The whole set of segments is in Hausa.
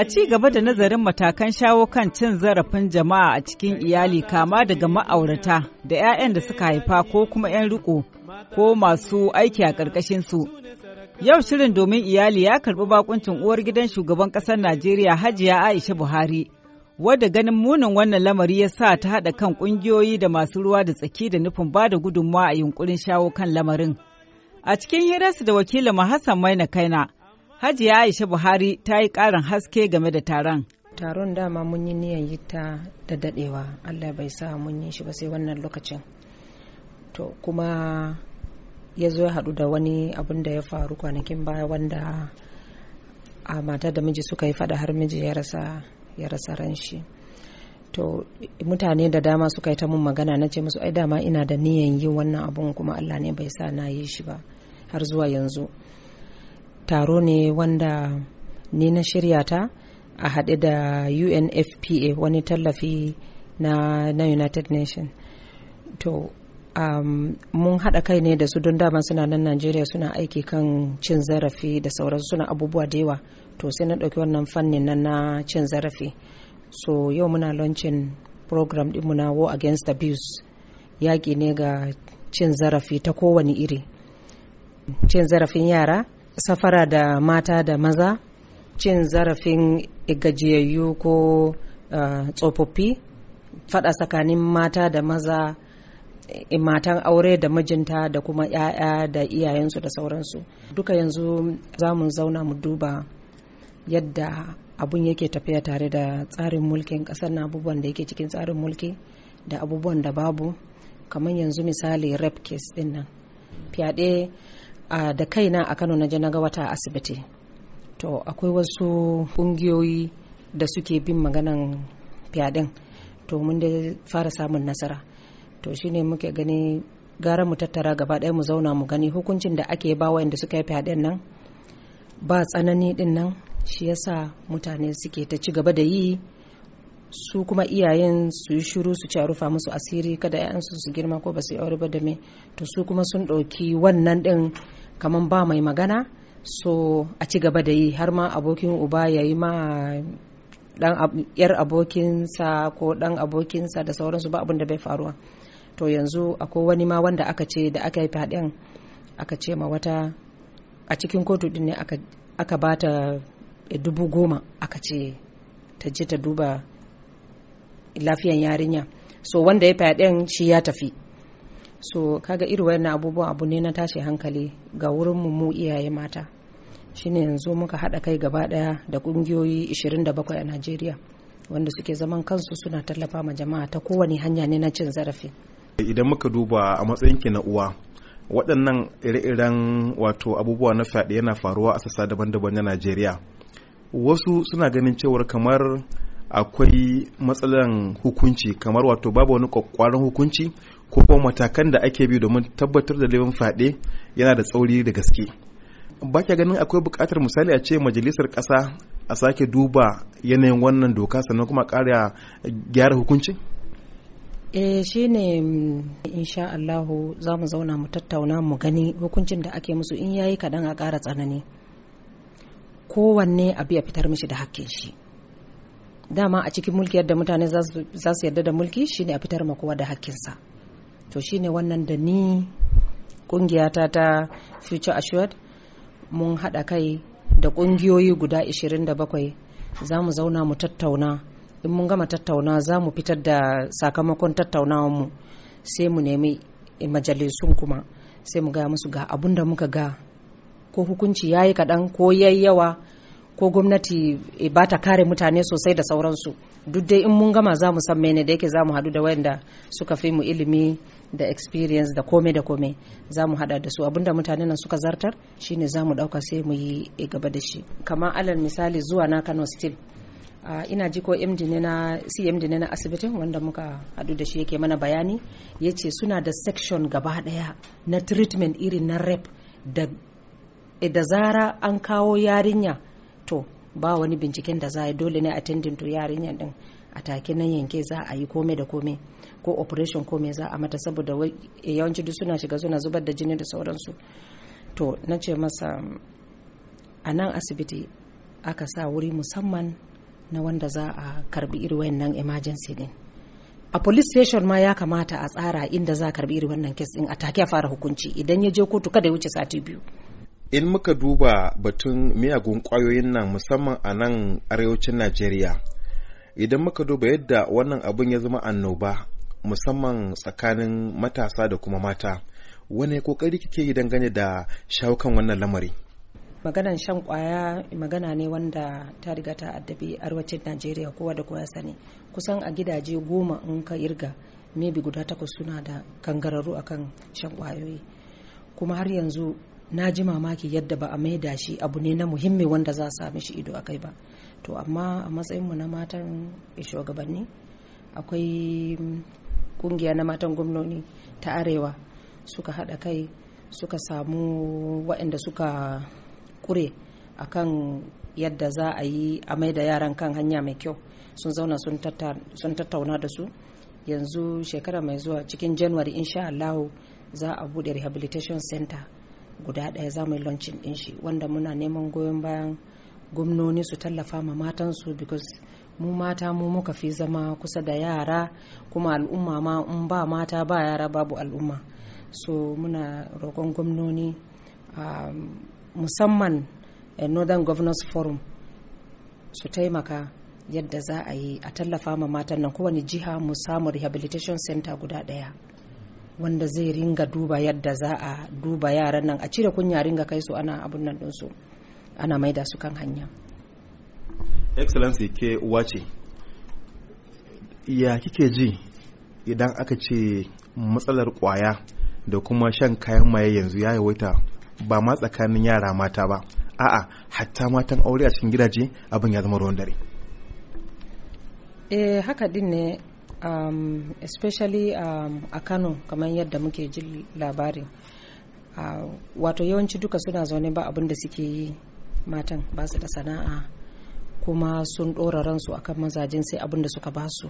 A ci gaba da nazarin matakan shawo kan cin zarafin jama'a a cikin iyali kama daga ma'aurata da 'ya'yan da suka haifa ko kuma 'yan riko ko masu aiki a ƙarƙashin su Yau shirin domin iyali ya karɓi bakuncin uwar gidan shugaban ƙasar Najeriya Hajiya Aisha Buhari. Wadda ganin munin wannan lamari ya sa ta haɗa kan ƙungiyoyi da masu ruwa da tsaki da nufin ba da gudunmawa a yunkurin shawo kan lamarin. A cikin hirarsu da wakilin Hassan Maina Kaina, Hajiya Aisha Buhari ta yi ƙarin haske game da taron. Taron dama mun yi niyan yi ta da daɗewa, Allah bai sa mun yi shi ba sai wannan lokacin. To kuma ya zo ya haɗu da wani abun da ya faru kwanakin baya wanda a mata da miji suka yi faɗa har miji ya rasa ya rasa ran shi. To mutane da dama suka yi ta mun magana na ce musu ai dama ina da niyan yin wannan abun kuma Allah ne bai sa na yi shi ba har zuwa yanzu. taro ne wanda ni na shirya ta a haɗe da unfpa wani tallafi na, na united nations to um, mun haɗa kai ne da su don dama suna nan najeriya suna aiki kan cin zarafi da sauransu suna abubuwa da yawa to sai na ɗauki wannan fannin nan na cin zarafi so yau muna launching program ɗinmu na war against abuse yaƙi ne ga cin zarafi ta kowane iri cin zarafin yara safara da mata da maza cin zarafin gajiyayyu ko uh, tsofaffi fada tsakanin mata da maza eh, matan aure da mijinta da kuma 'ya'ya da iyayensu da sauransu duka yanzu za mu zauna mu duba yadda abun yake tafiya tare da tsarin mulkin kasar na abubuwan da yake cikin tsarin mulki da abubuwan da babu kamar yanzu misali rape case din nan fyaɗe a da kaina a kano na je na ga wata asibiti to akwai wasu kungiyoyi da suke bin maganan fyaɗen to mun da fara samun nasara to shine muke gani gara mu tattara gaba ɗaya mu zauna mu gani hukuncin da ake ba wa'anda suka yi fyaɗen nan ba tsanani ɗin nan shi yasa mutane suke ta ci gaba da yi su kuma iyayen su yi shiru su ci a rufa musu asiri kada 'ya'yansu su girma ko ba su yi aure ba da me to su kuma sun ɗauki wannan ɗin kamar ba mai magana so a ci gaba da yi har ma abokin uba ya yi ma dan yar abokinsa ko dan abokinsa da sauransu ba abin da bai faruwa to yanzu akwai wani ma wanda aka ce da aka yi fadin aka ce ma wata a cikin kotu ɗin ne aka bata dubu goma aka ce ta je ta duba lafiyan yarinya so wanda ya fyaɗen shi ya tafi so kaga irin wannan abubuwa abu ne na tashi hankali ga wurin mu iyaye mata shine yanzu muka haɗa kai gaba ɗaya da ƙungiyoyi 27 a najeriya wanda suke zaman kansu suna tallafa ma jama'a ta kowane hanya ne na cin zarafi idan muka duba a matsayinki na uwa waɗannan ire-iren wato abubuwa na fyaɗe yana faruwa a sassa daban-daban na najeriya wasu suna ganin cewar kamar akwai matsalar hukunci kamar wato babu wani kwakwaran hukunci ko kuma matakan da ake bi domin tabbatar da laifin fyaɗe yana da tsauri da gaske ba ganin akwai bukatar misali a ce majalisar ƙasa a sake duba yanayin wannan doka sannan kuma ƙara gyara hukunci e shi ne insha Allahu za mu zauna mu tattauna mu gani hukuncin da ake musu in yayi kaɗan a ƙara tsanani kowanne abu ya fitar mishi da hakkin shi dama a cikin mulki yadda mutane za su yarda da mulki shine a fitar ma kowa da hakkinsa to shine wannan da ni kungiyata ta future assured mun haɗa kai da ƙungiyoyi guda 27 za mu zauna mu tattauna in mun gama tattauna za mu fitar da sakamakon mu sai mu nemi majalisun kuma sai mu gaya musu ga abun da muka ga ko hukunci ya yi kaɗan ko yayi yawa ko gwamnati eh, ba ta kare mutane sosai da sauransu duk dai in mun gama za mu san mene da yake za mu haɗu da wayanda suka fi mu ilimi da experience da kome da kome za mu haɗa da su abinda mutane nan suka zartar shine za mu ɗauka sai mu yi eh, gaba da shi kamar alal misali zuwa na kano steel Uh, ina ji ko md na cmd ne na asibitin wanda muka hadu da shi yake mana bayani ya ce suna da section gaba daya na treatment irin na rep da eh, da zara an kawo yarinya to ba wani binciken da za a yi dole ne a tindin to yarinyar din a take nan yanke za a yi kome da kome ko operation kome za a mata saboda yawanci duk suna shiga suna zubar da jini da sauransu to na ce masa a nan asibiti aka sa wuri musamman na wanda za a karbi irin wannan emergency din a police station ma ya kamata a tsara inda za a karbi irin wannan kes din a take a fara hukunci idan ya je kotu kada ya wuce sati biyu in muka duba batun miyagun kwayoyin nan musamman a nan arewacin najeriya idan muka duba yadda wannan abin ya zama annoba musamman tsakanin matasa da kuma mata wane kokari kike yi dangane da shawukan wannan lamari maganan shan kwaya magana ne wanda ta riga ta addabi arewacin najeriya kowa da kowa sani kusan a gidaje goma in ka irga maybe guda takwas suna da kangararru akan shan kwayoyi kuma har yanzu na ji mamaki yadda ba a maida shi abu ne na muhimmi wanda za a sami shi ido a kai ba to amma a matsayinmu na matan shugabanni akwai kungiya na matan gwamnoni ta arewa suka haɗa kai suka samu waɗanda suka kure a kan yadda za a yi a maida yaran kan hanya mai kyau sun zauna sun tattauna da su yanzu shekara mai zuwa cikin january insha allahu za a bude rehabilitation center guda ɗaya za mu yi launching ɗin shi wanda muna neman goyon bayan gwamnoni su tallafa ma matansu because mu mata mu muka fi zama kusa da yara kuma al'umma ma in ba mata ba yara babu al'umma so muna roƙon gwamnoni um, musamman eh, northern governors forum su taimaka yadda za a yi a tallafa ma matan nan kowane jiha mu samu rehabilitation center guda ɗaya wanda zai ringa duba yadda za a duba yaran nan a cire kunya ringa kai su ana abun nan su ana maida su kan hanya excellency ke uwa ce ya kike ji idan aka ce matsalar kwaya da kuma shan kayan maye yanzu ya yawaita ba ma tsakanin yara mata ba a'a hatta matan aure a cikin gidaje abin ya zama ruwan dare eh haka din ne um, especially um, a kano kamar yadda muke ji labari uh, wato yawanci duka suna zaune ba abin da suke yi matan ba su da sana'a kuma sun ɗora ransu akan mazajen sai abin da suka ba su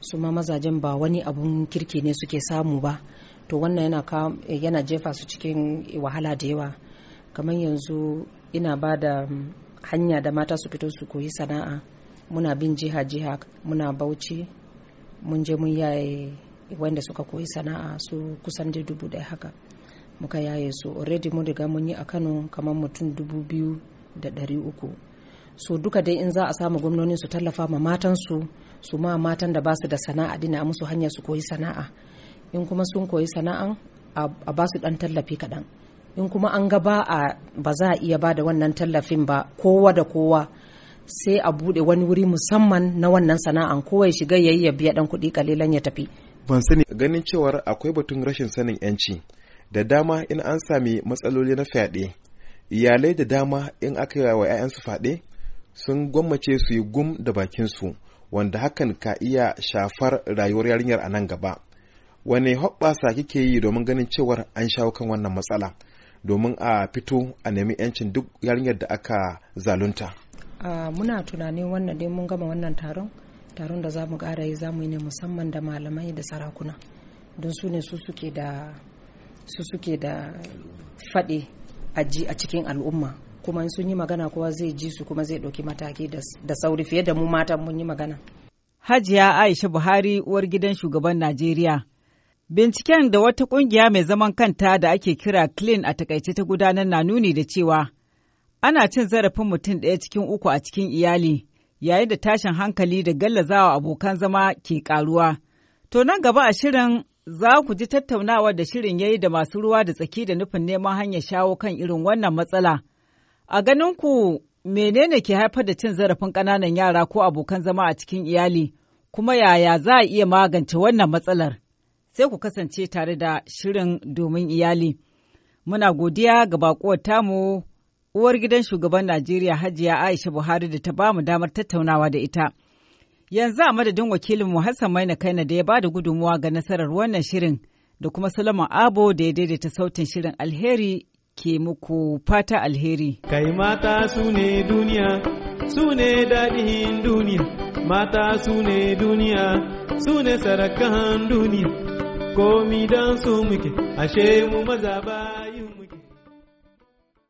su ma mazajen ba wani abun kirki ne suke samu ba to wannan yana, yana jefa su cikin wahala da yawa kamar yanzu ina ba da um, hanya da mata su fito su koyi sana'a muna bin jiha-jiha muna bauchi mun je mun yaye wanda suka koyi sana'a su kusan da dubu ɗaya haka muka yaye su already mun riga mun yi a kano kamar mutum dubu biyu da ɗari uku so duka dai in za a samu gwamnoni su tallafa ma matan su su ma matan da basu da sana'a dina musu hanya su koyi sana'a in kuma sun koyi sana'a a basu dan tallafi kaɗan in kuma an ga ba a ba za a iya ba da wannan tallafin ba kowa da kowa sai a bude wani wuri musamman na wannan sana'an kowai shiga yayi ya biya dan kuɗi kalilan ya tafi ban sani ganin cewar akwai batun rashin sanin yanci da dama in an sami matsaloli na fyaɗe iyalai da dama in aka yi wa 'ya'yansu fyaɗe sun gwammace su yi gum da bakinsu wanda hakan ka iya shafar rayuwar yarinyar a nan gaba wane hoɓɓasa kike yi domin ganin cewar an shawo kan wannan matsala domin a fito a nemi 'yancin duk yarinyar da aka zalunta Ah, muna tunanin wannan dai mun gama wannan taron taron da za mu ƙara yi za mu yi ne musamman da malamai da sarakuna don su ne su suke da su suke da faɗi a cikin al'umma kuma in sun yi magana kowa zai ji su kuma zai ɗauki mataki da sauri fiye da mu matan mun yi magana. Hajiya Aisha Buhari uwar gidan shugaban Najeriya. Binciken da wata ƙungiya mai zaman kanta da ake kira Clean a takaice ta gudanar na nuni da cewa Ana cin zarafin mutum ɗaya cikin uku a cikin iyali, yayin da tashin hankali da gallazawa abokan zama ke karuwa To nan gaba a shirin za ku ji tattaunawa da shirin yayi da masu ruwa da tsaki da nufin neman hanyar shawo kan irin wannan matsala. A ganin ku menene ke haifar da cin zarafin ƙananan yara ko abokan zama a cikin iyali, kuma yaya za a iya magance wannan matsalar? Sai ku kasance tare da shirin domin iyali. Muna godiya ga baƙuwar tamu uwar gidan shugaban Najeriya Hajiya Aisha Buhari da ta ba mu damar tattaunawa da ita. Yanzu a madadin wakilin mu Hassan Maina Kaina da ya ba da gudunmuwa ga nasarar wannan shirin da kuma Solomon Abo da ya daidaita sautin shirin alheri ke muku fata alheri. Kai mata su ne duniya, su ne daɗin duniya, mata su ne duniya, su ne sarakan duniya, komi don su muke, ashe mu maza ba.